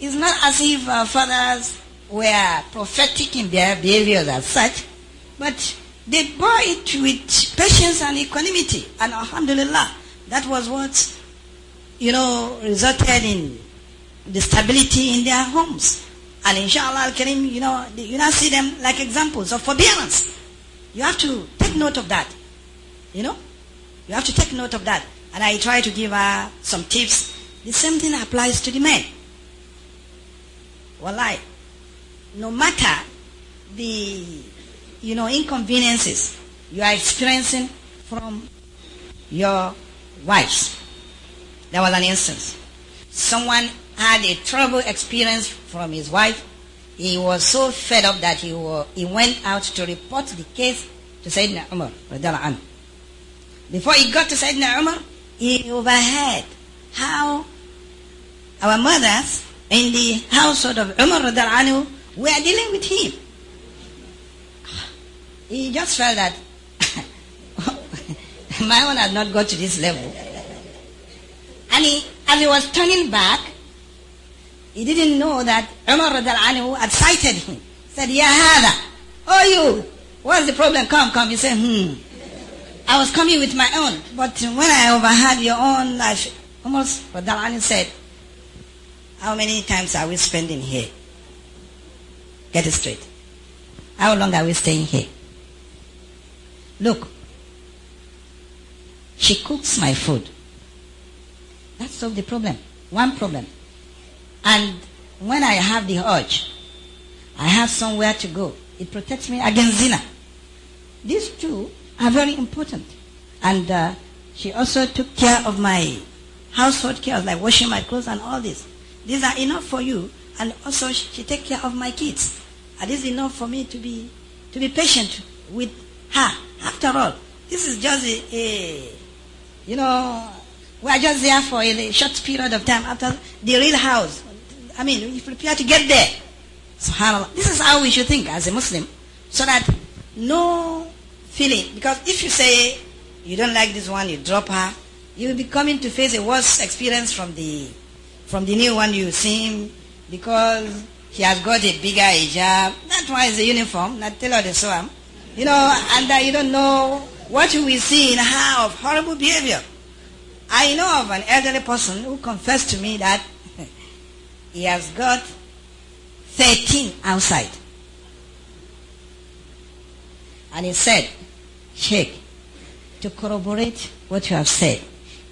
It's not as if our fathers were prophetic in their behaviors as such, but they bore it with patience and equanimity. And alhamdulillah, that was what, you know, resulted in the stability in their homes. And inshallah al-Karim, you know, you now see them like examples of forbearance. You have to take note of that. You know? You have to take note of that. And I try to give her some tips. The same thing applies to the men. Wallahi, no matter the, you know, inconveniences you are experiencing from your wives. There was an instance. Someone had a trouble experience from his wife. He was so fed up that he, were, he went out to report the case to Sayyidina Umar. Before he got to Sayyidina Umar, he overheard how our mothers in the household of Umar we are dealing with him. He just felt that my own had not got to this level. And he, as he was turning back, he didn't know that Umar Anhu had sighted him. He said, Yahada, hada. Oh you, what's the problem? Come, come. He said, hmm. I was coming with my own, but when I overheard your own, I almost, Radal said, how many times are we spending here? Get it straight. How long are we staying here? Look, she cooks my food. That solves the problem. One problem. And when I have the urge, I have somewhere to go. It protects me against Zina. These two are very important. And uh, she also took care of my household care, like washing my clothes and all this. These are enough for you. And also she take care of my kids. And it's enough for me to be, to be patient with her. After all, this is just a, a you know, we are just there for a short period of time after the real house. I mean, we prepare to get there. So, This is how we should think as a Muslim. So that no feeling. Because if you say you don't like this one, you drop her, you will be coming to face a worse experience from the from the new one you see him because he has got a bigger hijab. That one is a uniform, not tailor the swam. You know, and that you don't know what you will see in her of horrible behavior. I know of an elderly person who confessed to me that he has got 13 outside. And he said, Sheikh, to corroborate what you have said,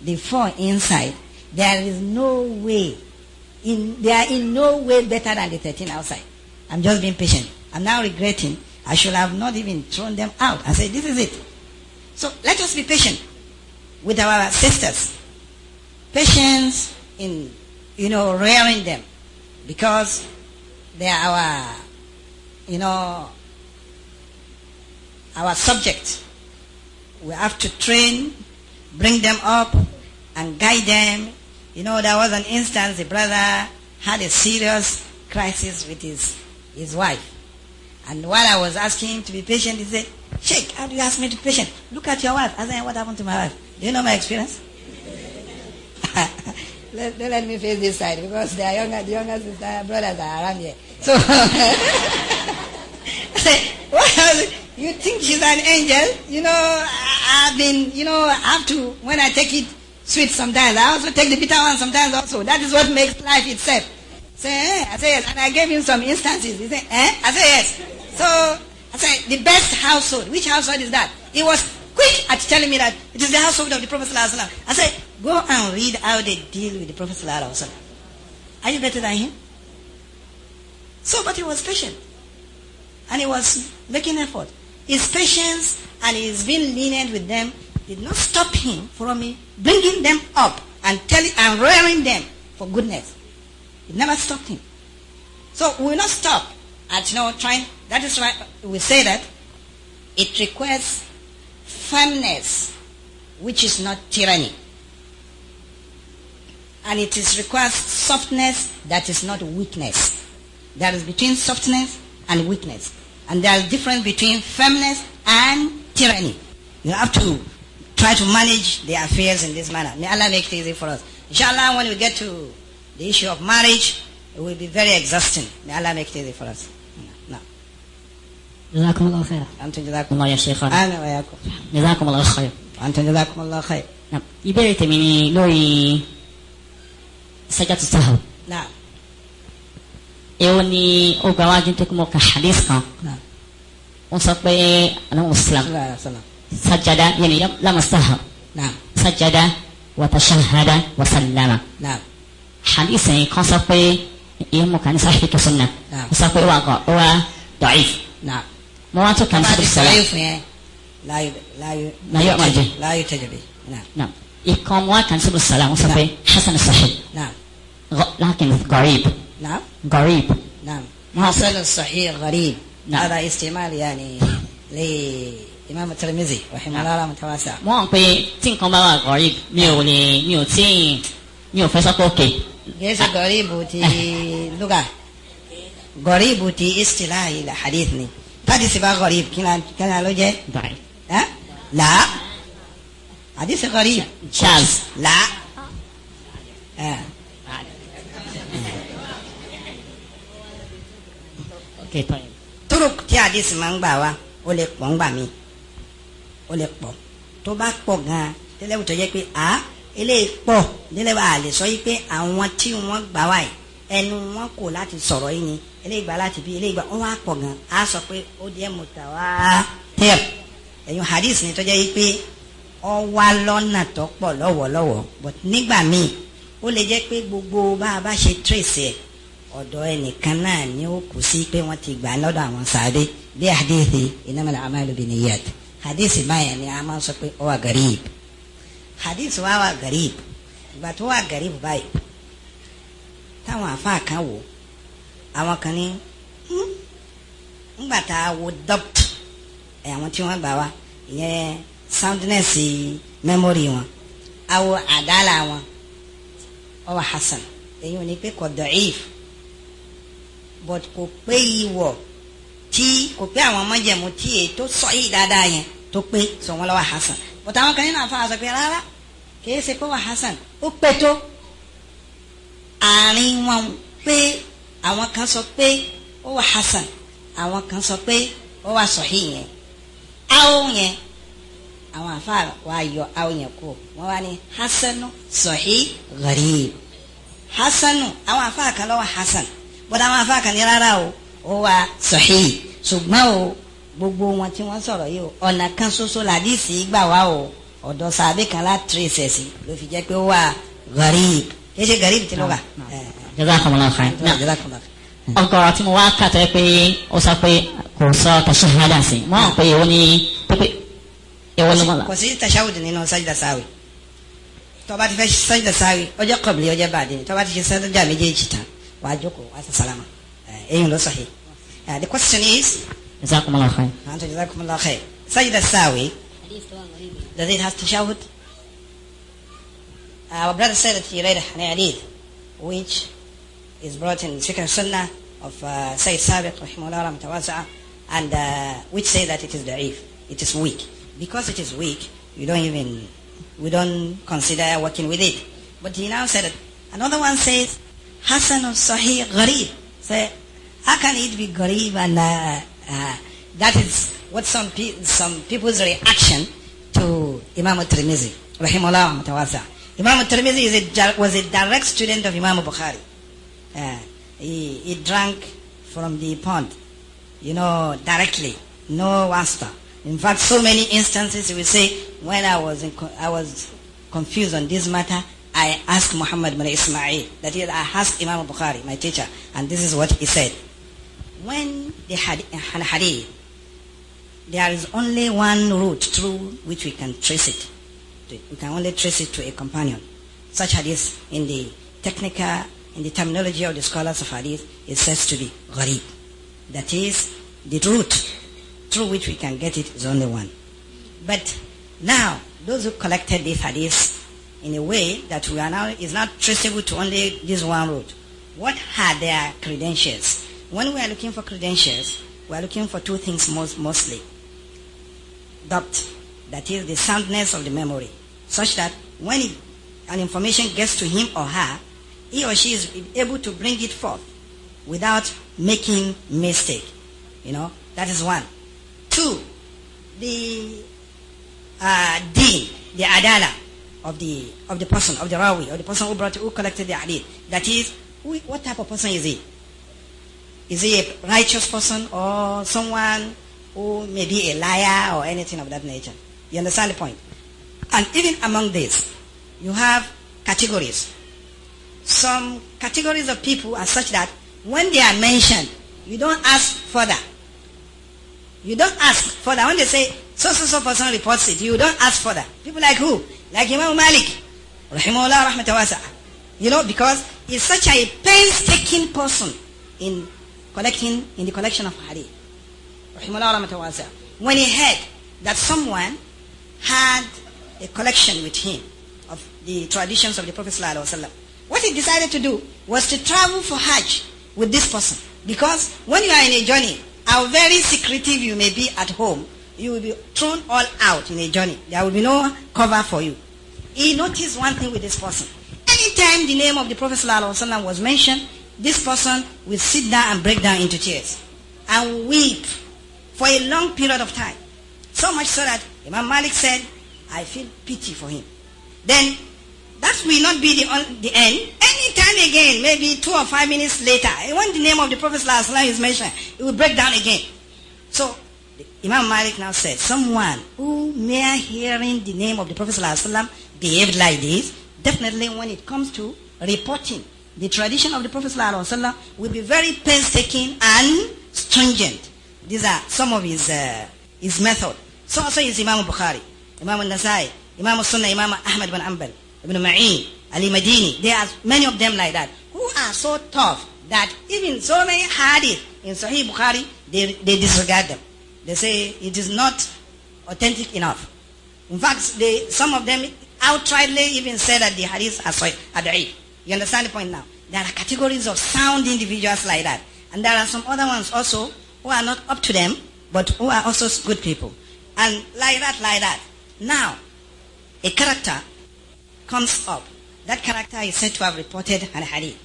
the four inside there is no way. In, they are in no way better than the 13 outside. I'm just being patient. I'm now regretting. I should have not even thrown them out I said, this is it. So let us be patient with our sisters. Patience in, you know, rearing them. Because they are our, you know, our subject. We have to train, bring them up, and guide them you know, there was an instance a brother had a serious crisis with his, his wife. And while I was asking him to be patient, he said, Sheikh, how do you ask me to be patient? Look at your wife. I said, what happened to my wife? Do you know my experience? let, don't let me face this side because are younger, the younger sister, brothers are around here. So, well, you think she's an angel? You know, I've been, you know, I have to, when I take it sweet sometimes. I also take the bitter one sometimes also. That is what makes life itself. Say, eh? I say yes. And I gave him some instances. He said, eh? I say yes. So I said, the best household. Which household is that? He was quick at telling me that it is the household of the Prophet. I said, go and read how they deal with the Prophet. Are you better than him? So, but he was patient. And he was making effort. His patience and his being lenient with them did not stop him from bringing them up and telling and rearing them for goodness. It never stopped him. So we will not stop at you know trying. That is why we say that it requires firmness, which is not tyranny, and it is requires softness that is not weakness. There is between softness and weakness, and there is difference between firmness and tyranny. You have to try to manage their affairs in this manner. May Allah make it easy for us. Inshallah, when we get to the issue of marriage, it will be very exhausting. May Allah make it easy for us. No. جزاكم الله خيرا. أنتم جزاكم الله يا شيخنا. أنا وياكم. جزاكم الله خير. أنتم جزاكم الله خير. نعم. ìbéèrè tèmi ni lórí sajatu sahab. نعم. èwo ni ó gbà wájú tó kí mo ka hadith kan. نعم. wọ́n sọ pé aláwọ̀ islam. سجد يعني لمسها نعم سجد وتشهد وسلم نعم حديثي قصفي يوم كان صحيح السنة نعم صحيح واقع وضعيف نعم مواتو نعم. نعم. نعم. كان صحيح السنة ضعيف لا ي... لا ي... لا يؤمن لا يتجب نعم نعم يقوم وكان صحيح السلام وصفي نعم. حسن الصحيح نعم غ... لكن غريب نعم غريب نعم حسن الصحيح غريب نعم هذا استعمال يعني ل لي... imam tirimizi rahimahullah rahmah tawasa. wọ́n pe tí nǹkan bá wà gọ̀rí mi ò lè mi ò tí mi ò fẹ́ sọ́kọ̀ òkè. gẹ̀ẹ́sì ah. gọ̀rí ibù ti lugha gọ̀rí ibù ti istilahi la hadith ni tádìsí bá gọ̀rí ibù kí ni a ló la hadith gọ̀rí ibù. jazz. la. turuk tí hadith máa ń gbà wá ó lè pọ̀ ń gbà mí ó lè pọ̀ tó bá pọ̀ gan-an nílẹ̀ tó pé a eléyìí pọ̀ nílẹ̀ wa lè sọ yìí pé àwọn tí wọ́n gbà wá yìí ẹnu wọn kò láti sọ̀rọ̀ yìí ni eléyìí gbà láti bí eléyìí gbà wọ́n wá pọ̀ gan-an a sọ pé ó jẹ́ mutawatir ẹ̀yìn hadith ni tó jẹ́ yìí pé ó wá lọ́nà tó pọ̀ lọ́wọ́lọ́wọ́ but nígbà míì ó lè jẹ́ pé gbogbo bá a bá ṣe trace ẹ̀ ọ̀dọ̀ ẹnìkan náà ni ó kù sí pé wọ́n ti gbà lọ́dọ̀ àwọn sáré bí àdéhìí innamal a'malu binniyat hadisi báyẹn ni a máa sọ pé ó wà garib hadisi wa wà garib ìgbà tó wà garib báyìí táwọn àfáà kan wò àwọn kan ní ńgbà hmm, tá a wo dọ́pt ẹ̀ àwọn tí wọ́n gbà wá ìyẹn soundness memory wọn awo àdálà wọn ó wà hasan èyí ò ní pé kò da'if but kò pé yìí wọ̀ tí kò pé àwọn mọ́jẹ̀mú tí èyí tó sọ yìí dáadáa yẹn tó pé sọ wọn lọ́wọ́ hasan but àwọn kan nínú àfọwọ́sọ pé rárá kìí ṣe pé wà hasan ó pé tó àárín wọn pé àwọn kan sọ pé ó wà hasan àwọn kan sọ pé ó wà sọ̀hí yẹn áwò yẹn àwọn àfáà wa yọ áwò yẹn kú wọn wá ní hasanu sọ̀hí gharib hasanu àwọn àfáà kan lọ́wọ́ hasan but àwọn àfáà kan ní rárá o ó wà sọ̀hí ṣùgbọ́n o gbogbo wọn tí wọ́n sọ̀rọ̀ yìí o ọ̀nà kan ṣoṣo làdísì gbà wá o ọ̀dọ̀ sàbẹ̀ kan láti ṣẹ̀ sí ló fi jẹ́ pé ó wà gharib kì í ṣe gharib tí ló wà. jazakumullahu khairan ọgọrọ tí mo wá kàtẹ́ pé ó sọ pé kò sọ tashahada sí mo hàn pé ó ní pépé ìwọ ló mọ̀ la. kò sí tashahud nínú sajda sawi tó bá ti fẹ́ sajda sawi ó jẹ́ qabli ó jẹ́ ti ṣe sajda méjèèjì tán wàá jókòó wàá sàlámà. ايوه eh, uh, the question is جزاكم الله خير أنت جزاكم الله خير سجد الساوي الذي has تشهد Our brother said that he read a hadith which is brought in Fikr Sunnah of uh, Sayyid Sabiq al mutawassa'a and uh, which say that it is da'if, it is weak. Because it is weak, you don't even, we don't consider working with it. But he now said that another one says, Hasan al-Sahih Gharib. Say, how can it be garib and uh, uh, that is what some pe some people's reaction to Imam al-Tirmizi, rahimullah mutawaza. Imam al-Tirmizi was a direct student of Imam Bukhari. Uh, he, he drank from the pond, you know, directly, no waster. In fact, so many instances we say, when I was, in, I was confused on this matter, I asked Muhammad bin Ismail, that is, I asked Imam Bukhari, my teacher, and this is what he said when they had an uh, hadith, there is only one route through which we can trace it. We can only trace it to a companion. Such hadith in the technical, in the terminology of the scholars of hadith, it says to be gharib. That is, the route through which we can get it is only one. But now, those who collected these hadiths in a way that we are now is not traceable to only this one route. What are their credentials? when we are looking for credentials, we are looking for two things most, mostly. Depth, that is the soundness of the memory, such that when it, an information gets to him or her, he or she is able to bring it forth without making mistake. You know, that is one. Two, the uh, the adala of the of the person, of the rawi, of the person who brought who collected the hadith. That is, who, what type of person is he? Is he a righteous person or someone who may be a liar or anything of that nature? You understand the point? And even among this, you have categories. Some categories of people are such that when they are mentioned, you don't ask further. You don't ask further. When they say, so, so, so person reports it, you don't ask further. People like who? Like Imam Malik. You know, because he's such a painstaking person in collecting in the collection of hadith. When he heard that someone had a collection with him of the traditions of the Prophet what he decided to do was to travel for Hajj with this person. Because when you are in a journey, how very secretive you may be at home, you will be thrown all out in a journey. There will be no cover for you. He noticed one thing with this person. Anytime the name of the Prophet was mentioned, this person will sit down and break down into tears and weep for a long period of time. So much so that Imam Malik said, I feel pity for him. Then that will not be the, the end. Any time again, maybe two or five minutes later, eh, when the name of the Prophet is mentioned, it will break down again. So Imam Malik now said, someone who mere hearing the name of the Prophet behaved like this, definitely when it comes to reporting the tradition of the Prophet ﷺ will be very painstaking and stringent. These are some of his, uh, his method. So also is Imam Bukhari, Imam nasai Imam sunnah Imam Ahmad bin Ambal, Ibn Ma'in, Ali Madini. There are many of them like that who are so tough that even so many hadith in Sahih Bukhari, they, they disregard them. They say it is not authentic enough. In fact, they, some of them outrightly even say that the hadiths are, sorry, are da'if. You understand the point now? There are categories of sound individuals like that. And there are some other ones also who are not up to them, but who are also good people. And like that, like that. Now, a character comes up. That character is said to have reported an hadith.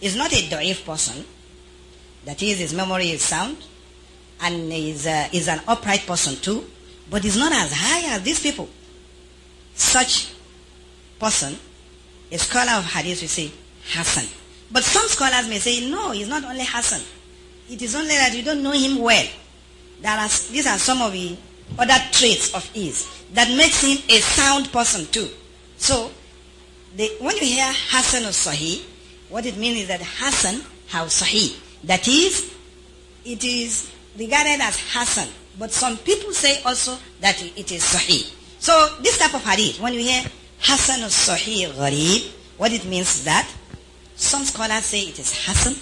Is not a da'if person. That is, his memory is sound. And is, uh, is an upright person too. But is not as high as these people. Such person a scholar of hadith will say Hassan. But some scholars may say, no, he's not only Hassan. It is only that you don't know him well. Are, these are some of the other traits of his that makes him a sound person too. So, the, when you hear Hassan or Sahih, what it means is that Hassan how Sahih. That is, it is regarded as Hassan. But some people say also that it is Sahih. So this type of hadith, when you hear Hassan al-Sahih Gharib, what it means is that some scholars say it is Hassan,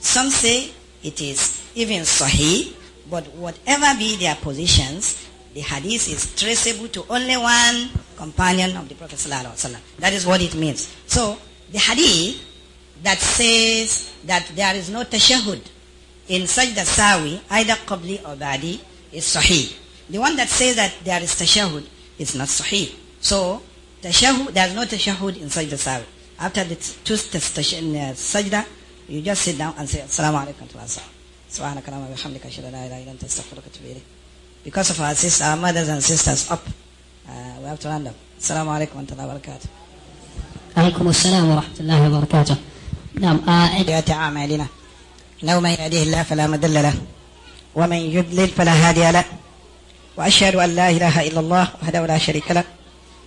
some say it is even Sahih, but whatever be their positions, the hadith is traceable to only one companion of the Prophet That is what it means. So, the hadith that says that there is no tashahud in sajda sawi, either qabli or badi, is sahih. The one that says that there is tashahud is not sahih. So, Tashahud, there's no tashahud in Sajda Sawi. After the two in uh, Sajda, you just sit down and say, Assalamu alaikum to us. سبحانك اللهم وبحمدك اشهد ان لا اله الا انت استغفرك واتوب اليك. Because of our sisters, our mothers and sisters up, uh, we have to round up. السلام عليكم ورحمه الله وبركاته. عليكم السلام ورحمه الله وبركاته. نعم آه أعمالنا لو من يهده الله فلا مضل له ومن يضلل فلا هادي له وأشهد أن لا إله إلا الله وحده لا شريك له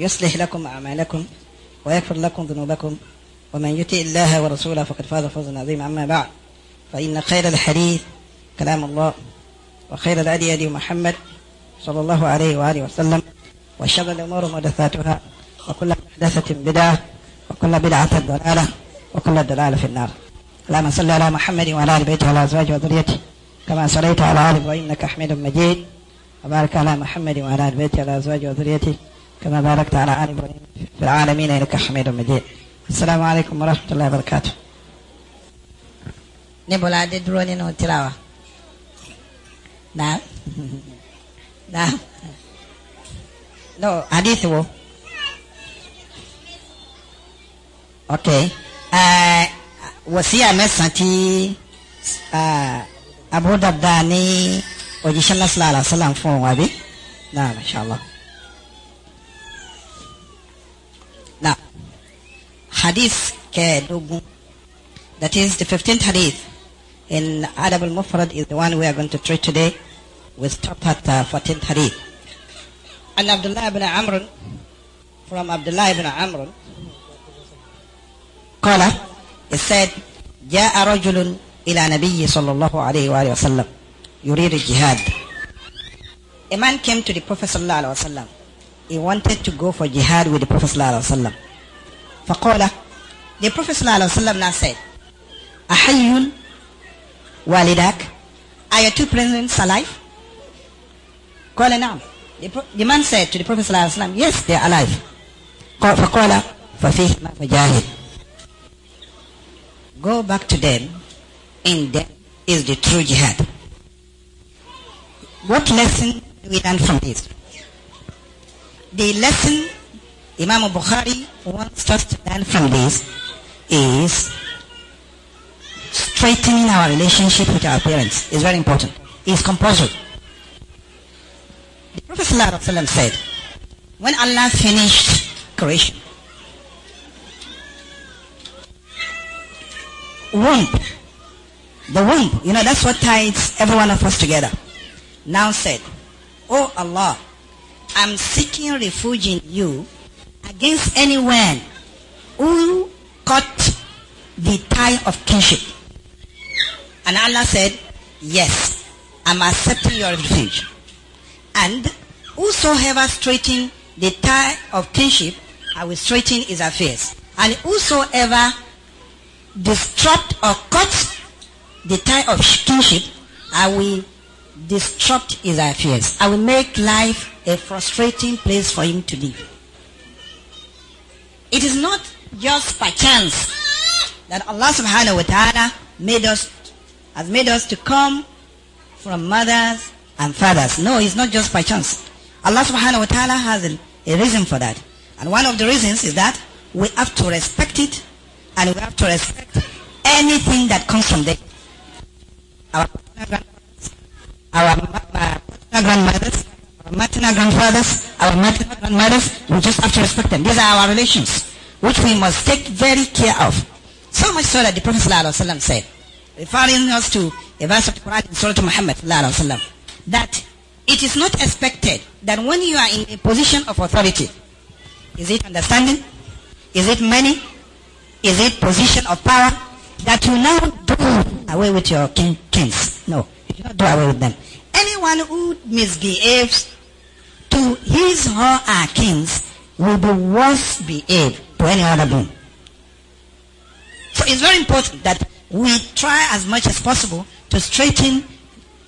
يصلح لكم أعمالكم ويغفر لكم ذنوبكم ومن يطع الله ورسوله فقد فاز فوزا عظيما أما بعد فإن خير الحديث كلام الله وخير الهدي هدي محمد صلى الله عليه وآله وسلم وشر الأمور محدثاتها وكل محدثة بدعة وكل بدعة ضلالة وكل ضلالة في النار اللهم صل على محمد وعلى آل بيته وعلى أزواجه وذريته كما صليت على آل إبراهيم إنك حميد مجيد وبارك على محمد وعلى آل بيته وعلى أزواجه وذريته كما باركت على آل إبراهيم في العالمين إنك حميد مجيد السلام عليكم ورحمة الله وبركاته نبولا دي دروني نو تلاوة نعم نعم نو حديث هو أوكي آه، وسيا مسنتي آه، أبو دبداني وجيش الله صلى الله عليه وسلم فون وابي نعم إن شاء الله hadith kẹẹ̀dógún that is the 15th hadith in Adab al-Mufrad is the one we are going to treat today with stop at uh, 14th hadith and Abdullah ibn Amr from Abdullah ibn Amr قال he said جاء رجل إلى نبي صلى الله عليه وآله وسلم يريد الجهاد a man came to the Prophet sallallahu alaihi wasallam he wanted to go for jihad with the Prophet sallallahu alaihi wasallam فقال the Prophet ﷺ now said "أَحْيُوْنَ walidak are your two parents alive? قال نعم the, the man said to the Prophet ﷺ yes they are alive فقال ففيهما فجاهد go back to them and them is the true jihad what lesson do we learn from this the lesson Imam Bukhari wants us to learn from this is straightening our relationship with our parents is very important. It's compulsory. The Prophet ﷺ said, when Allah finished creation, womb, the womb, you know, that's what ties every one of us together. Now said, Oh Allah, I'm seeking refuge in you against anyone who cut the tie of kinship. And Allah said, Yes, I'm accepting your revenge. And whosoever straighten the tie of kinship, I will straighten his affairs. And whosoever disrupt or cut the tie of kinship, I will disrupt his affairs. I will make life a frustrating place for him to live. It is not just by chance that Allah subhanahu wa ta'ala made us, has made us to come from mothers and fathers. No, it's not just by chance. Allah subhanahu wa ta'ala has a, a reason for that. And one of the reasons is that we have to respect it and we have to respect anything that comes from them. Our our grandmothers, maternal grandfathers, our maternal grandmothers, we just have to respect them. These are our relations, which we must take very care of. So much so that the Prophet ﷺ said, referring us to a verse of the Quran in Surah Muhammad ﷺ, that it is not expected that when you are in a position of authority, is it understanding? Is it money? Is it position of power? That you now do away with your kin kings. No, you do not do away with them. Anyone who misbehaves his or her kings will be worse behaved to any other being. So it's very important that we try as much as possible to straighten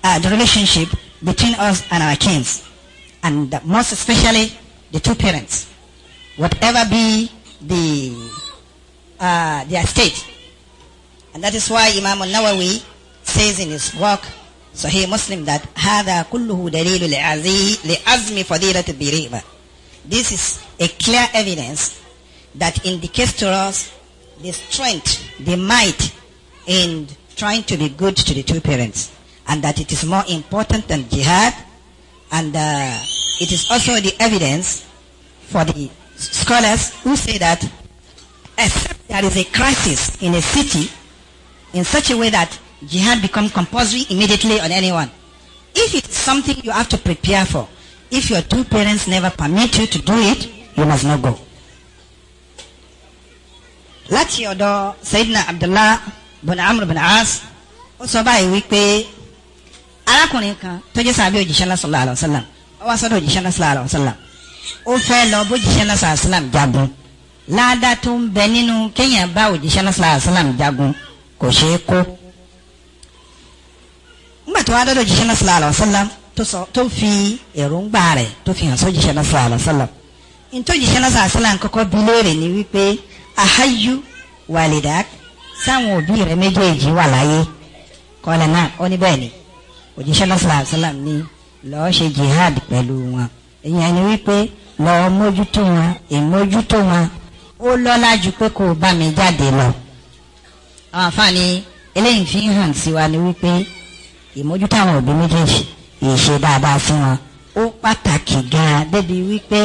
uh, the relationship between us and our kings, and most especially the two parents, whatever be the uh, their state. And that is why Imam al-Nawawi says in his work Sahih Muslim that هذا كله دليل لعزم فضيلة الضريبة. This is a clear evidence that indicates to us the strength, the might in trying to be good to the two parents and that it is more important than jihad and uh, it is also the evidence for the scholars who say that except there is a crisis in a city in such a way that jihad become compulsory immediately on anyone. If it's something you have to prepare for, if your two parents never permit you to do it, you must not go. láti ọ̀dọ̀ Sayyidina Abdullah bin Amr bin As ó sọ báyìí wípé arákùnrin kan tó jẹ́ sàbí òjíṣẹ́ náà sallallahu alaihi wasallam ó wá sọ́dọ̀ òjíṣẹ́ náà sallallahu alaihi wasallam ó fẹ́ lọ bójíṣẹ́ náà jagun láàdá tó ń bẹ nínú kéèyàn bá òjíṣẹ́ náà jagun kò ṣeé kó. nígbà tó wá dọ́dọ̀ jíṣẹ́ náà sallallahu alaihi wasallam tó fi èròǹgbà rẹ̀ tó fi hàn sójíṣẹ́ náà sallallahu alaihi wasallam ntòjíṣẹ́ náà sallallahu alaihi wasallam kọ́kọ́ bi ni wípé ahayyu walidak sáwọn òbí rẹ méjèèjì wà láyé kọ́lẹ̀ náà ó ní bẹ́ẹ̀ ni òjíṣẹ́ náà sallallahu alaihi ni lọ́ọ́ ṣe jihad pẹ̀lú wọn ìyẹn ni wípé lọ́ọ́ mójútó wọn ìmójútó wọn ó lọ́lá ju pé kó o bá mi jáde lọ. àwọn eléyìí fi hàn sí wa ni wípé ìmójútó àwọn òbí méjèèjì ìṣe dáadáa fún wọn ó pàtàkì gan-an débi wípé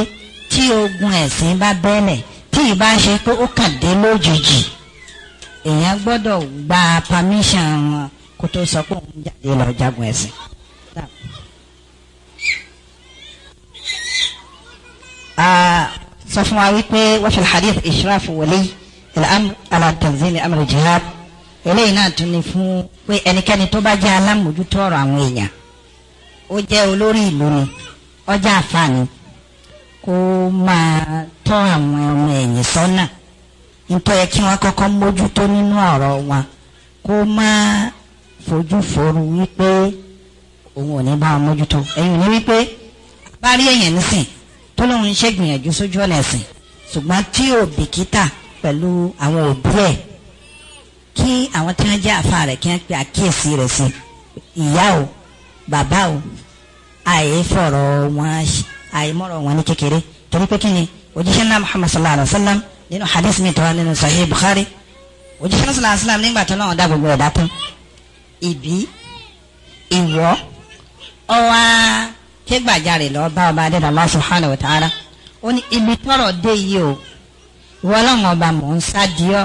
tí ogun ẹ̀sìn bá bẹ́ẹ̀lẹ̀ tí ì bá ṣe pé ó kàn dé lójijì èèyàn gbọ́dọ̀ gba permission wọn kó tó sọ pé òun jáde lọ jagun ẹ̀sìn. sọ fún wa wípé wọ́n fi hadith israf wali al ala tanzil amr jihad. eléyìí náà tún ni fún pé ẹnikẹ́ni tó bá jẹ́ alámòjútó ọ̀rọ̀ àwọn èèyàn ó jẹ́ olórí ìlú ni ó jẹ́ àfààní kó máa tọ́ àwọn ọmọ ẹ̀yìn sọ́nà nítorí kí wọ́n kọ́kọ́ mójútó nínú ọ̀rọ̀ wọn kó máa fojú fòru wípé òun ò ní bá wọn mójútó ẹ̀yìn ní wípé bá rí èèyàn nísìn tó lóun ń ṣègbìyànjú sójú ọ̀nà ẹ̀sìn ṣùgbọ́n tí ò bìkítà pẹ̀lú àwọn òbí ẹ̀ kí àwọn tí wọ́n jẹ́ àfa rẹ̀ kí wọ́n pe àkíyèsí rẹ̀ sí ìyá o bàbá o àìfọ̀rọ̀ wọn àìmọ̀rọ̀ wọn ní kékeré torí pé kí ni òjíṣẹ́ náà Muhammad sallallahu alayhi wa sallam nínú hadith mi tọ́ra nínú Sahih Bukhari òjíṣẹ́ náà sallallahu alayhi wa sallam nígbà tó náà dá gbogbo ẹ̀dá tán ìbí ìwọ ọwọ́ kégbàjarè lọ bá ọba adéda Allah subhanahu wa ta'ala ó ní ibi tọrọ dé yìí o ìwọ ọlọ́run ọba mò ń sá di ọ́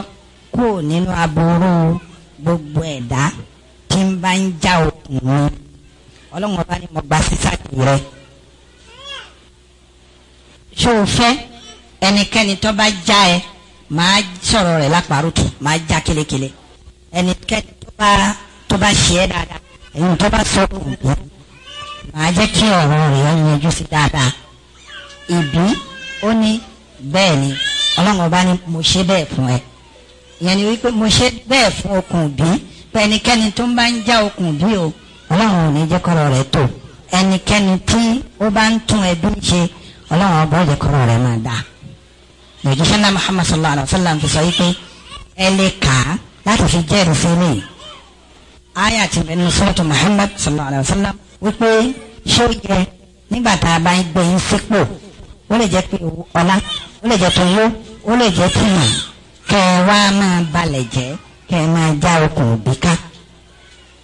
kúrò nínú aburú gbogbo ẹ̀dá tí ń bá ń já òkun mi ọlọ́run ọba ni mo gba sísàkì rẹ. ṣé o fẹ́ ẹnikẹ́ni tó bá já ẹ máa sọ̀rọ̀ rẹ̀ lápárùtù máa já kelekele ẹnikẹ́ni tó bá tó bá ṣe é dáadáa èyí tó bá sọ òkú máa jẹ́ kí ọ̀rọ̀ rẹ̀ yanjú sí dáadáa ìbí ó ní bẹ́ẹ̀ ni ọlọ́run ọba ni mo ṣe bẹ́ẹ̀ fún ẹ ìyẹn ni wípé mo ṣe bẹ́ẹ̀ fún okùn bí pẹnikẹ́ni tó ń bá ń já okùn bí o ọlọ́run ò ní jẹ́ kọ́rọ̀ rẹ̀ tó ẹnikẹ́ni tí ó bá ń tún ẹbí ṣe ọlọ́run ọba ó kọ́rọ̀ rẹ̀ máa dáa lòjíṣẹ́ náà muhammad sallallahu alayhi wa sallam ti sọ wípé ẹ lè kà á láti fi jẹ́rìí sí mi aya ti bẹ̀rẹ̀ sọ́ọ̀tù muhammad sallallahu alayhi wa sallam wípé ṣé ó yẹ nígbà tá a bá gbé yín sípò ó lè jẹ́ kẹwa ma wá máa balẹ̀ jẹ́ kẹ máa já okùn òbí ká.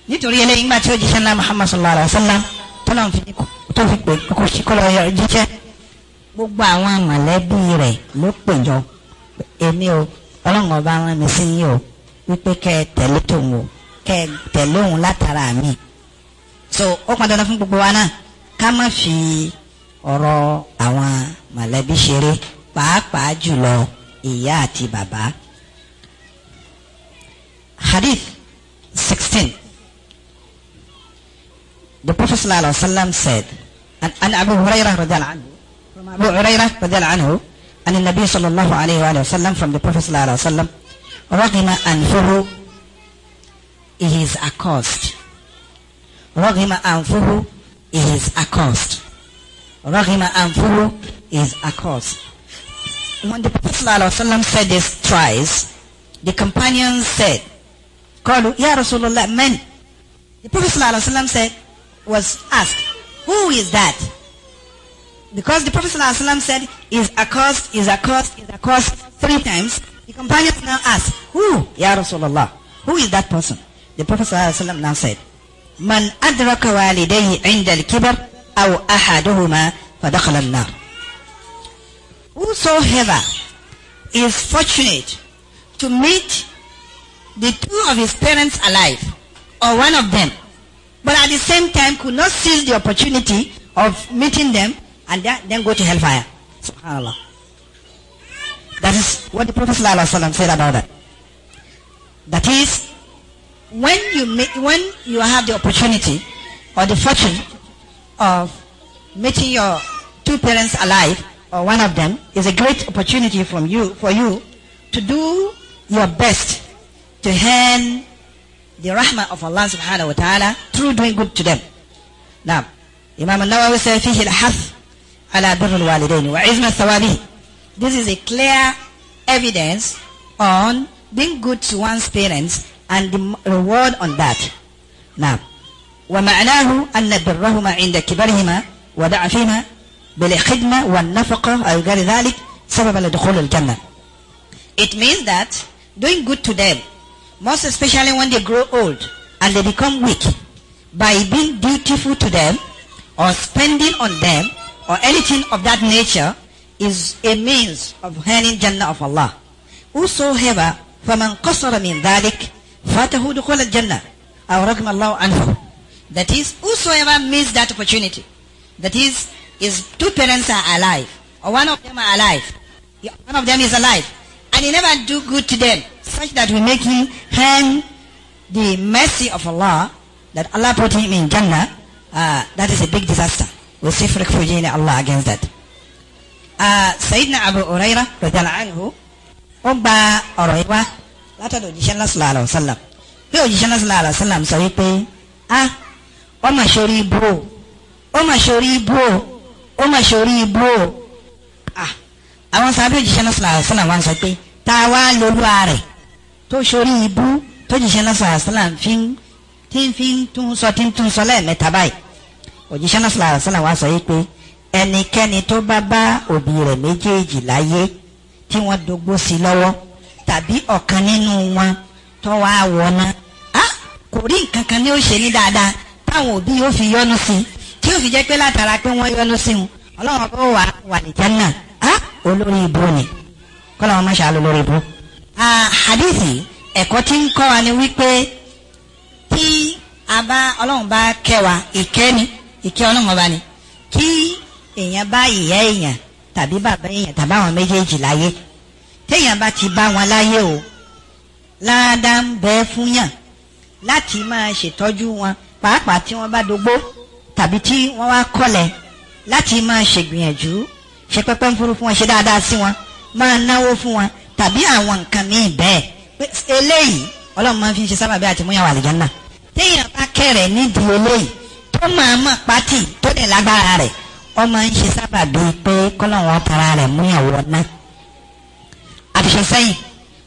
nítorí eléyìí ńgbà tí ó jíṣẹ́ ńlá Muhammad sallallahu alayhi wa sallam tó fi pè kó sí jíṣẹ́ gbogbo àwọn mọ̀lẹ́bí rẹ̀ ló péjọ èmi o ọlọ́run ọba wọn mi sí o wípé kẹ tẹ̀lé tòun so ó pọn dandan fún gbogbo wa náà ká fi ọ̀rọ̀ àwọn ṣeré pàápàá ياتي بابا حديث hadith the prophet الله عليه وسلم said and an abu hurairah radiallahu anhu from abu hurairah radiallahu anhu and the nabi عليه وآله وسلم from the prophet الله عليه وسلم رغم أنفه he is accursed رغم أنفه he is accursed رغم أنفه is accursed when the Prophet said this twice, the companions said, قالوا يا رسول الله من? The Prophet ﷺ said, was asked, who is that? Because the Prophet ﷺ said, is accursed, is accursed, is accursed three times. The companions now asked, who? Ya Rasulullah, who is that person? The Prophet ﷺ now said, من أدرك والديه عند الكبر أو أحدهما فدخل النار. whosoever is fortunate to meet the two of his parents alive, or one of them, but at the same time could not seize the opportunity of meeting them and that, then go to hellfire. SubhanAllah. That is what the Prophet ﷺ said about that. That is, when you, meet, when you have the opportunity or the fortune of meeting your two parents alive, or one of them is a great opportunity from you for you to do your best to hand the rahmah of Allah subhanahu wa ta'ala through doing good to them. Now, Imam al-Nawawi says, فيه الحث على بر الوالدين وعزم الثوابه. This is a clear evidence on being good to one's parents and the reward on that. Now, ومعناه أن برهما عند كبرهما وضعفهما بالخدمة والنفقة أو غير ذلك لدخول الجنة It means that doing good to them most especially when they grow old and they become weak by being dutiful to them or spending on them or anything of that nature is a means of earning Jannah of Allah. Whosoever فَمَنْ قَصَرَ مِنْ ذَلِكَ فَاتَهُ دُخُولَ الْجَنَّةِ أَوْ رَقْمَ اللَّهُ عَنْهُ That is, whosoever missed that opportunity, that is, his two parents are alive, or one of them are alive, one of them is alive, and he never do good to them, such that will make him hang the mercy of Allah, that Allah put him in Jannah, uh, that is a big disaster. We seek refuge in Allah against that. Uh, Sayyidina Abu Huraira, radiallahu anhu, ó gba ọ̀rọ̀ yìí wá látọ̀dọ̀ òjíṣẹ́ ńlá sallallahu alaihi wasallam bí òjíṣẹ́ ńlá sallallahu sọ wípé ah ó mà ṣorí ibú o ó mà ṣorí ibú o ó mọ̀ ṣe orí ibú o àwọn sábà òjíṣẹ́ náà sọ̀rọ̀ àṣìlá wọn sọ pé tá a wá lolúwa rẹ̀ tó ṣe orí ibú tó jíṣẹ́ náà sọ̀rọ̀ àṣìlá tí ń fi tún sọ tí ń tún sọ lẹ́ẹ̀mẹ́ta báyìí òjíṣẹ́ náà sọ̀rọ̀ àṣìlá wọn sọ yìí pé ẹnikẹ́ni tó bá bá òbí rẹ̀ méjèèjì láyé tí wọ́n dogbo sí lọ́wọ́ tàbí ọ̀kan nínú wọn tó wá wọná kò rí nǹkan kan ní ó ṣe ní dáadáa táwọn òbí yóò fi yọ́nú sí i tí ó sì jẹ́ pé látara pé wọ́n yọnu sí wọn ọlọ́run ọba wà wà ní jẹ́nà á olórí ibo ni kọ́lá wọn má ṣe lórí ibo. hadithi ẹ̀kọ́ tí ń kọ́ wa ni wípé tí a bá ọlọ́run bá kẹ́ wa ìkẹ́ ni ìkẹ́ ọlọ́run ọba ni kí èèyàn bá ìyá èèyàn tàbí bàbá èèyàn tàbí àwọn méjèèjì láyé téèyàn bá ti bá wọn láyé o láàdá ń bẹ fún yàn láti máa ṣètọ́jú wọn pàápàá tí wọ́n bá dógbó tàbí tí wọ́n wá kọ́lẹ̀ láti máa ṣègbìyànjú ṣe pẹ́pẹ́ ń furu fún wọn ṣe dáadáa sí wọn máa náwó fún wọn tàbí àwọn nǹkan míì bẹ́ẹ̀ eléyìí ọlọ́run máa fi ń ṣe sábàbí àti múyàn wà lẹ́jọ́ náà téèyàn bá kẹ̀rẹ̀ nídìí eléyìí tó máa mọ̀ pátì tó dẹ̀ lágbára rẹ̀ wọ́n máa ń ṣe sábàbí pé kọ́lọ́run tara rẹ̀ múyàn wọ náà àtúnṣe sẹ́yìn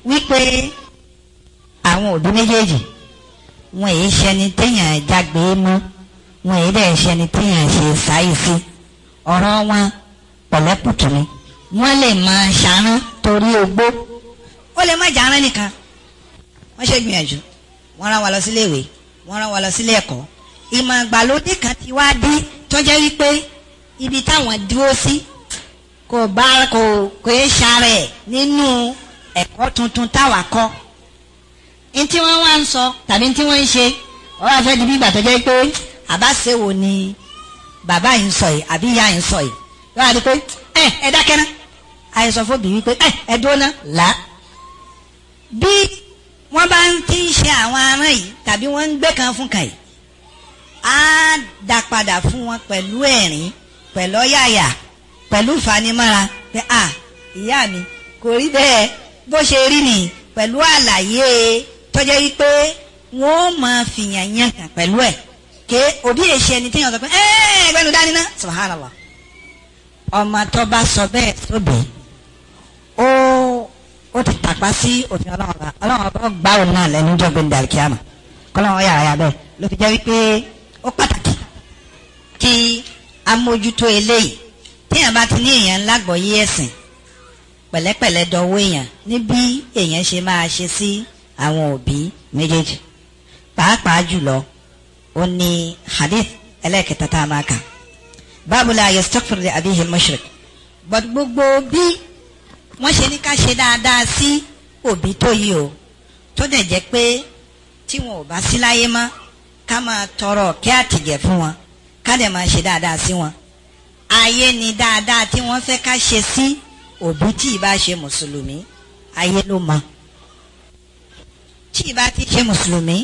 wípé àwọn òbí méjèèjì wọn èyí ṣẹni téèyàn jágbe mú wọn èyí dẹ̀ ṣe ni téèyàn ṣe sáyé sí ọ̀rọ̀ wọn pọ̀lẹ́pùtù ni wọ́n lè máa ṣàrán torí ogbó ó lè má jàrán nìkan wọ́n ṣe gbìyànjú wọ́n rán wa lọ sílé ìwé wọ́n rán wa lọ sílé ẹ̀kọ́ ìmọ̀ ìgbàlódé kan ti wá dé tó jẹ́ wípé ibi táwọn dúró sí kò bá kò kò é ṣàrẹ̀ nínú ẹ̀kọ́ tuntun táwa kọ́ ní tí wọ́n wá ń sọ tàbí tí wọ́n ń ṣe wọ́n wá fẹ́ di bí ìgbà tó jẹ́ pé àbáṣe wo ni bàbá yìí ń sọ yìí àbí ìyá yìí ń sọ yìí yóò wá di pé ẹ ẹ dákẹ́ ná àìsàn fún bìbí pé ẹ ẹ dúró ná là á bí wọ́n bá ń ti ń ṣe àwọn aràn yìí tàbí wọ́n ń gbé kan fún kàn á dá padà fún wọn pẹ̀lú ẹ̀rín pẹ̀lú ọ̀yàyà pẹ̀lú ìfanimọ́ra pé à ìyá mi kò rí bẹ́ẹ̀ bó ṣe rí nìyí pẹ̀lú àlàyé tọ́jọ́ yìí pé wọ́n máa fìyàn yàn kàn pẹ̀lú ẹ̀ kèé òbí èṣe ẹni téèyàn sọ pé ẹ́ẹ́ ẹgbẹ́nu dání ná subhanallah ọmọ tó bá sọ bẹ́ẹ̀ sóbì ó ó ti tàpá sí òfin ọlọ́run ọba ọlọ́run ọba gbáwò náà lẹ́nu jọ gbẹ̀ndẹ̀ àríkíámà kọ́lọ́run yàrá yà bẹ́ẹ̀ ló fi jẹ́ wípé ó pàtàkì kí amójútó eléyìí téèyàn bá ti ní èèyàn lágbọ̀ọ́yé ẹ̀sìn pẹ̀lẹ́pẹ̀lẹ́ dọwọ́ èèyàn ní bí èèyàn ṣe máa ṣe sí àwọn òbí méjèèjì pàápàá jùlọ ó ní hadith ẹlẹ́ẹ̀kẹta tá a máa kà báàbù la yastaghfir li abihi mushrik but gbogbo bí wọ́n ṣe ní ká ṣe dáadáa sí òbí tó yí o tó dẹ̀ jẹ́ pé tí wọn ò bá sí láyé mọ́ ká máa tọrọ kí àtìjẹ fún wọn ká dẹ̀ máa ṣe dáadáa sí wọn ayé ni dáadáa tí wọ́n fẹ́ ká ṣe sí òbí tí ì bá ṣe mùsùlùmí ayé ló mọ̀ tí ì bá ti ṣe mùsùlùmí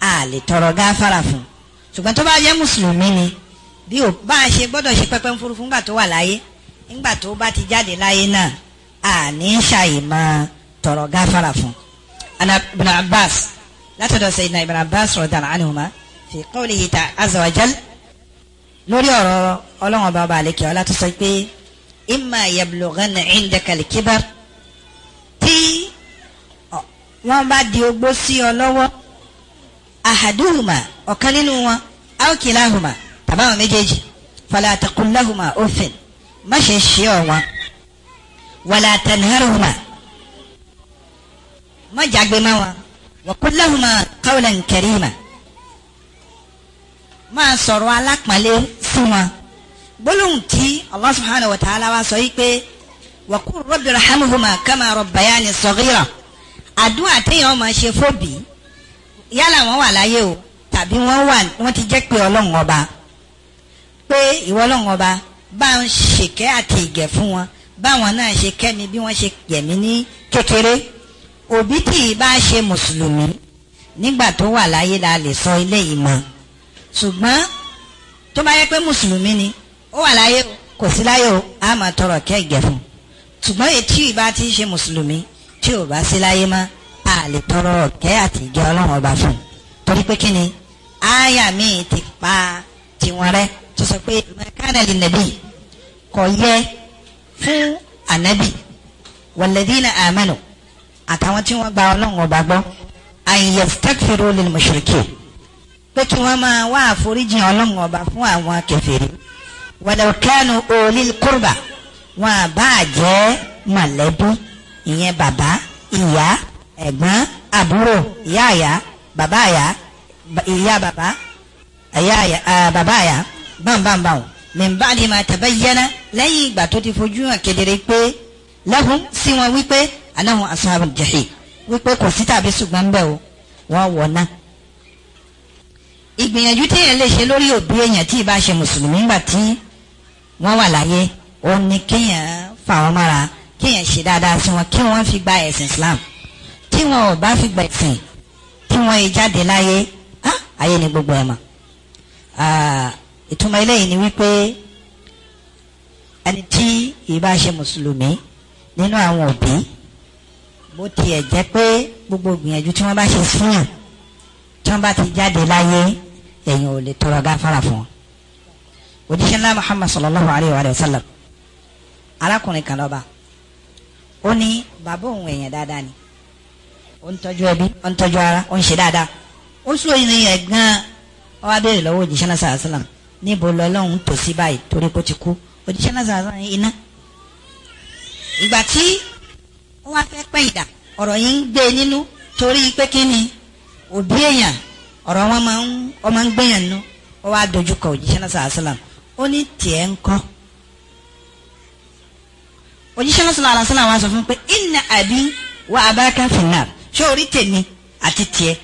a lè tọrọ gáfárà fún ṣùgbọ́n tó bá yẹ mùsùlùmí ni bí ò bá a ṣe gbọ́dọ̀ ṣe pẹpẹ ń furu fún gbà tó wà láyé ńgbà tó bá ti jáde láyé náà a ní ṣàyè máa tọrọ gáfárà fún. ana ibn abbas látọ̀dọ̀ sayyidina ibn abbas radiyallahu anhuma fi qawlihi ta azza wa lórí ọ̀rọ̀ ọlọ́wọ́n bá balẹ̀ kí ọlá tó sọ pé imma yablughanna indaka kibar tí wọ́n bá di ogbó sí ọ lọ́wọ́ ahaduhuma ọ̀kan nínú wọn aukilahuma tàbá àwọn méjèèjì fala taqul lahuma uffin má ṣe ṣe ọ̀ wọn wala tanharhuma má jágbe má wọn wa qul lahuma qawlan karima máa sọ̀rọ̀ alápọ̀nlé sí wọn gbólóhùn tí Allah subhanahu wa ta'ala wa sọ yìí pé wa qur rabbi rahamuhuma kama rabbayani àdúrà téèyàn máa ṣe fóbi yálà wọ́n wà láyé o tàbí wọ́n wà wọ́n ti jẹ́ pé ọlọ́run ọba pé ìwọ ọlọ́run ọba bá ń ṣèkẹ́ àti ìgẹ̀ fún wọn báwọn náà ṣe kẹ́ni bí wọ́n ṣe yẹ̀mí ní kékeré òbí tí ì bá ṣe mùsùlùmí nígbà tó wà láyé la lè sọ ilé yìí mọ́ ṣùgbọ́n tó bá yẹ pé mùsùlùmí ni ó wà láyé kò sí láyé o á máa tọrọ kẹ́ ìgẹ̀ fún ṣùgbọ́n ètí ì bá ti ṣe mùsùlùmí tí ò bá sí láyé mọ́ a lè tọrọ ọ̀kẹ́ àti ìgẹ́ ọlọ́run ọba fún un torí pé kí ni aya míì ti pa tiwọn rẹ tó sọ pé mẹkánẹlì nàbì kò yẹ fún ànábì wàlẹ́dínà àmẹ́nu àtàwọn tí wọ́n gba ọlọ́run ọba gbọ́ àyè stakfiro lè mọ̀ṣẹ̀kì pé kí wọ́n máa wá àforíjì ọlọ́run ọba fún àwọn kèfèrí wàlẹ́kẹ́nu òlìl kúrbà wọn àbá àjẹ́ mọ̀lẹ́bí ìyẹn bàbá ìyá ẹ̀gbọ́n àbúrò ìyá àyà bàbá àyà ìyá bàbá àyà àyà bàbá àyà bámbámbám mìmbá ni màá tẹ̀bẹ́ yẹnà lẹ́yìn ìgbà tó ti fojú hàn kedere pé lẹ́hùn sí wọn wípé aláwọn asáàbùn jẹ̀hìn wípé kò sí tàbí ṣùgbọ́n bẹ́ẹ̀ o wọ́n wọ̀ náà ìgbìyànjú téèyàn lè ṣe lórí òbí èèyàn tí ìbá ṣe mùsùlùmí ńgbà tí wọ́n wà láyé òun ni kéèyàn fà wọ́n mára kéèyàn ṣe dáadáa sí wọn kí wọ́n fi gba ẹ̀sìn Islam tí wọn ò bá fi gbẹ̀sìn tí wọn yìí jáde láyé ayé ni gbogbo ẹ̀ mọ̀ ìtumọ̀ eléyìí ni wípé ẹni tí ìbá ṣe mùsùlùmí nínú àwọn òbí bó tiẹ̀ jẹ́ pé gbogbo gbìyànjú tí wọ́n bá ṣe fún yàn tí wọ́n bá ti jáde láyé èèyàn ò lè tọrọ gáfárà fún wọn. òjíṣẹ́ ńlá Muhammad sallallahu alayhi wa sallam arákùnrin kan lọ́ba ó ní bàbá òun èèyàn dáadáa ni ó ń tọ́jú ẹbí ó ń tọ́jú ara ó ń ṣe dáadáa ó sọ ìrìn yẹn gan-an ó wá béèrè lọ́wọ́ òjíṣẹ́ náà sàásìlám níbo lọ́lọ́run tò sí báyìí torí kó ti kú òjíṣẹ́ náà sàásìlám iná ìgbà tí ó wá fẹ́ pẹ́ ìdà ọ̀rọ̀ yìí ń gbé e nínú torí pé kí ni òbí èèyàn ọ̀rọ̀ wọn máa ń ọ máa ń gbéyàn nínú ó wá dojú kọ òjíṣẹ́ sàásìlám ó ní tiẹ̀ ń kọ́ òjíṣẹ́ sàásìlám wá sọ fún pé inna abi wa abaka finnar ṣé orí tèmi àti tiẹ̀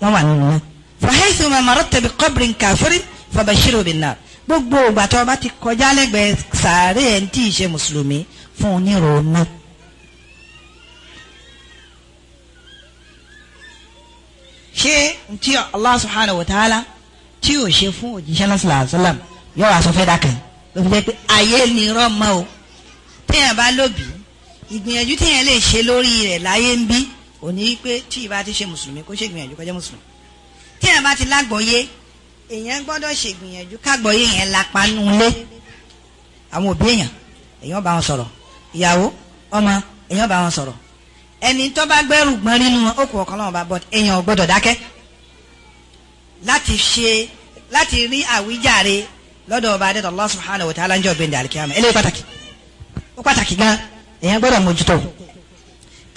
wọ́n wà nínú náà. fàhẹ́sì wọn màrọ́ tẹ̀bi kọ́bìrín káfírí fàbàṣírò bìn náà gbogbo ìgbà tó o bá ti kọjá lẹ́gbẹ̀ẹ́ sàárè ẹ̀ ń tí ì ṣe mùsùlùmí fún oníròónà. ṣé tí Allah subhanahu wa ta'ala tí ò ṣe fún òjíṣẹ́ náà sallallahu yóò wá fẹ́ dákẹ́ ló fi jẹ́ pé ayé ni irọ́ mọ́ o téèyàn bá lóbi ìgbìyànjú téèyàn lè ṣe lórí rẹ̀ láyé ń bí ò ní pé tí ìbá ti ṣe mùsùlùmí kó ṣègbìyànjú kó jẹ́ mùsùlùmí tí èèyàn bá ti lágbọ̀ọ́yé èèyàn gbọ́dọ̀ ṣègbìyànjú kágbọ̀ọ́yé yẹn lápá nulẹ̀ àwọn òbí èèyàn èèyàn bá wọn sọ̀rọ̀ ìyàwó ọmọ èèyàn bá wọn sọ̀rọ̀ ẹni tó bá gbẹ́rù gbọ́n nínú okù ọ̀kan lọ́wọ́ bá bọ́ èèyàn gbọ́dọ̀ dákẹ́ láti ṣe láti rí àwíjàre lọ́dọ̀ ọba adẹ́tọ̀ Allah subhanahu wa ta'ala ń jọ bẹ́ẹ̀ ní alikiyama eléyìí pàtàkì ó pàtàkì gan èèyàn gbọ́dọ̀ mójútó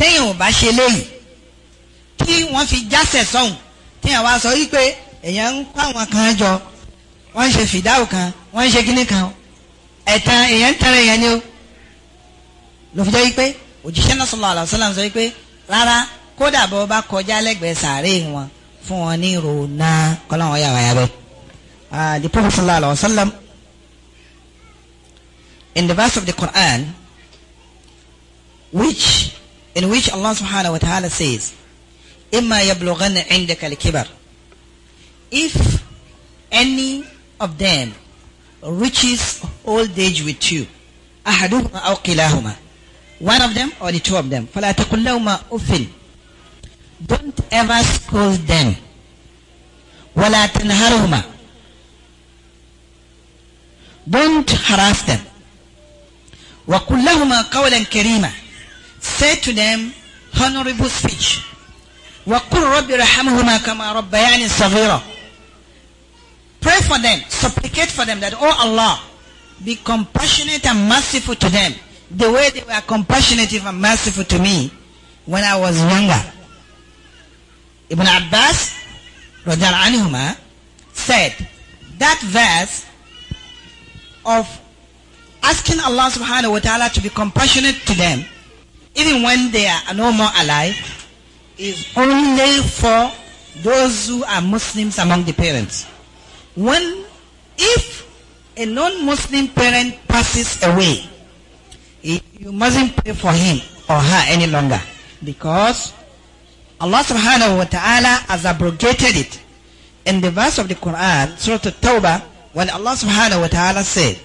téèyàn ò bá ṣe léyìí tí wọ́n fi jásẹ̀ sọ̀hún téèyàn wá sọ wípé èèyàn ń kó àwọn kan jọ wọ́n ń ṣe fìdáwò kan wọ́n ń ṣe kíní kan ẹ̀tàn èèyàn ń tẹ̀lé èèyàn ni ó ló fi jẹ́ wípé òjíṣẹ́ náà sallallahu alaihi wasallam sọ wípé rárá kódà bọ́ bá kọjá lẹ́gbẹ̀ẹ́ sàárè wọn fún wọn ní ròna kọ́láwọn yà wáyà the prophet sallallahu alaihi wasallam in the verse of the Quran which in which Allah subhanahu wa ta'ala says, إِمَّا يَبْلُغَنَّ عِنْدَكَ الْكِبَرِ If any of them reaches old age with you, أَحَدُهُمَا أَوْ قِلَاهُمَا One of them or the two of them, فَلَا تَقُلْ لَهُمَا أُفٍ Don't ever scold them. وَلَا تَنْهَرْهُمَا Don't harass them. وَقُلْ لَهُمَا قَوْلًا كَرِيمًا Say to them, honorable speech. Pray for them, supplicate for them that, Oh Allah, be compassionate and merciful to them the way they were compassionate and merciful to me when I was younger. Ibn Abbas anhuma, said that verse of asking Allah subhanahu wa ta'ala to be compassionate to them even when they are no more alive, is only for those who are Muslims among the parents. When, if a non-Muslim parent passes away, eh, you mustn't pray for him or her any longer because Allah subhanahu wa ta'ala has abrogated it. In the verse of the Quran, Surah At-Tawbah, when Allah subhanahu wa ta'ala said,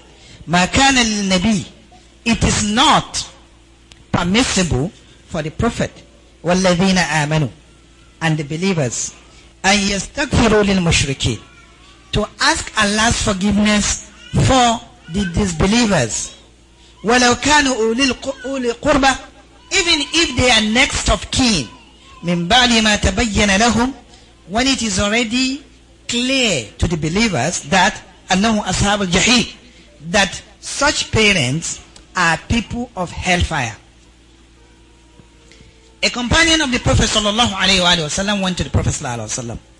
مَا كَانَ nabi It is not permissible for the Prophet وَالَّذِينَ آمَنُوا and the believers أَنْ يَسْتَغْفِرُوا لِلْمُشْرِكِينَ to ask Allah's forgiveness for the disbelievers ولو كانوا أولي القربة even if they are next of kin من بعد ما تبين لهم when it is already clear to the believers that أنهم أصحاب الجحيم that such parents are people of hellfire a companion of the Prophet sallallahu alaihi wasallam went to the Prophet sallallahu alaihi wasallam